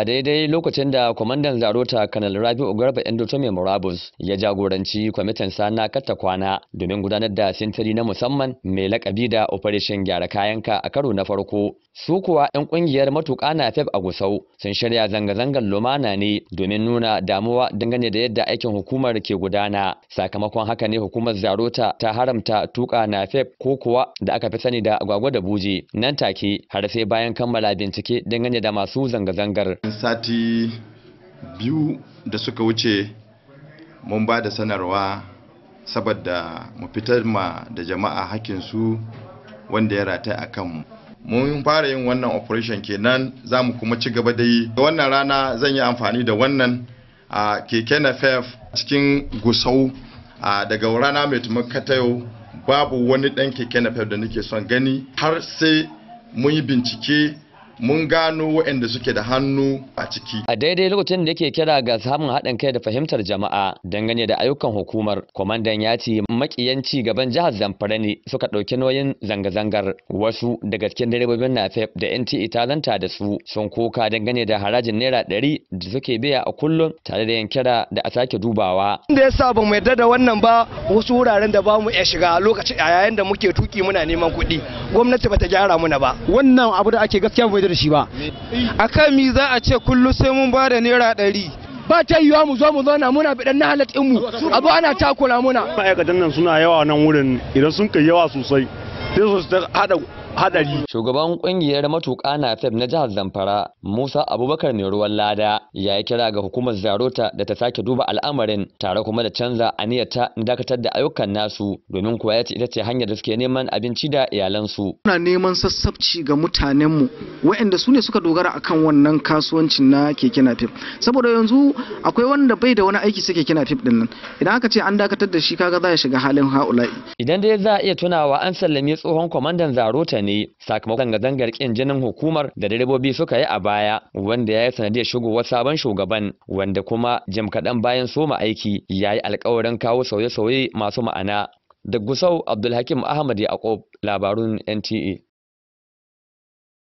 a daidai lokacin da kwamandan zarota kanal rabi'u garba endotomi murabus ya jagoranci kwamitin sana katta kwana domin gudanar da sintiri na musamman mai lakabi da operation gyara kayanka a karo na farko su kuwa 'yan kungiyar matuƙa na fef a gusau sun shirya zanga-zangar lumana ne domin nuna damuwa dangane da yadda aikin hukumar ke gudana sakamakon haka ne hukumar zarota ta haramta tuƙa na fef ko kuwa da aka fi sani da agwagwa da buje nan take har sai bayan kammala bincike dangane da masu zanga-zangar sati biyu da suka wuce mun ba da sanarwa saboda mu fitar ma da jama'a hakinsu wanda ya rata a kanmu mun fara yin wannan operation kenan za mu kuma ci gaba da yi wannan rana zan yi amfani da wannan a keke na fef cikin gusau a daga rana mai tumakata yau babu wani dan keke na fef da nake son gani har sai mun yi bincike mun gano waɗanda suke da hannu a ciki. A daidai lokacin da yake kira ga samun haɗin kai da fahimtar jama'a dangane da ayyukan hukumar, kwamandan ya ce makiyan ci gaban jihar Zamfara ne suka ɗauki nauyin zanga-zangar. Wasu daga cikin direbobin NAFEP da NTA e talanta da su sun koka dangane da harajin naira ɗari da suke biya a kullum tare da yin kira da a sake dubawa. Inda ya sa ba yarda da wannan ba wasu wuraren da bamu iya shiga lokaci a yayin da muke tuki muna neman kuɗi gwamnati bata gyara muna ba wannan abu da ake gaskiya bai da shi ba akan mi za a ce kullu sai mun ba da naira ɗari ba ta yiwa mu zo mu zauna muna bidan na halat mu abu ana takura muna ma'aikatan nan suna yawa nan wurin idan sun kai yawa sosai sai su haɗa hadari. Shugaban kungiyar matuƙa NAFEP na jihar Zamfara, Musa Abubakar ne ruwan lada, ya yi kira ga hukumar Zarota da ta sake duba al'amarin tare kuma da canza aniyarta dakatar da ayyukan nasu domin kuwa ya ce ita ce hanyar da suke neman abinci da iyalansu. Muna neman sassabci ga mutanenmu waɗanda su ne suka dogara akan wannan kasuwancin na keke NAFEP. Saboda yanzu akwai wanda bai da wani aiki sai keke NAFEP din nan. Idan aka ce an dakatar da shi kaga za ya shiga halin ha'ula'i. Idan dai za a iya tunawa an sallame tsohon kwamandan Zarota ne sakamakon zanga-zangar kin jinin hukumar da direbobi suka yi a baya wanda ya yi sanadiyar shigowar sabon shugaban wanda kuma jim kaɗan bayan soma aiki ya yi alkawarin kawo sauye-sauye masu ma'ana da gusau abdulhakim ahmad yaqub labarun nta e.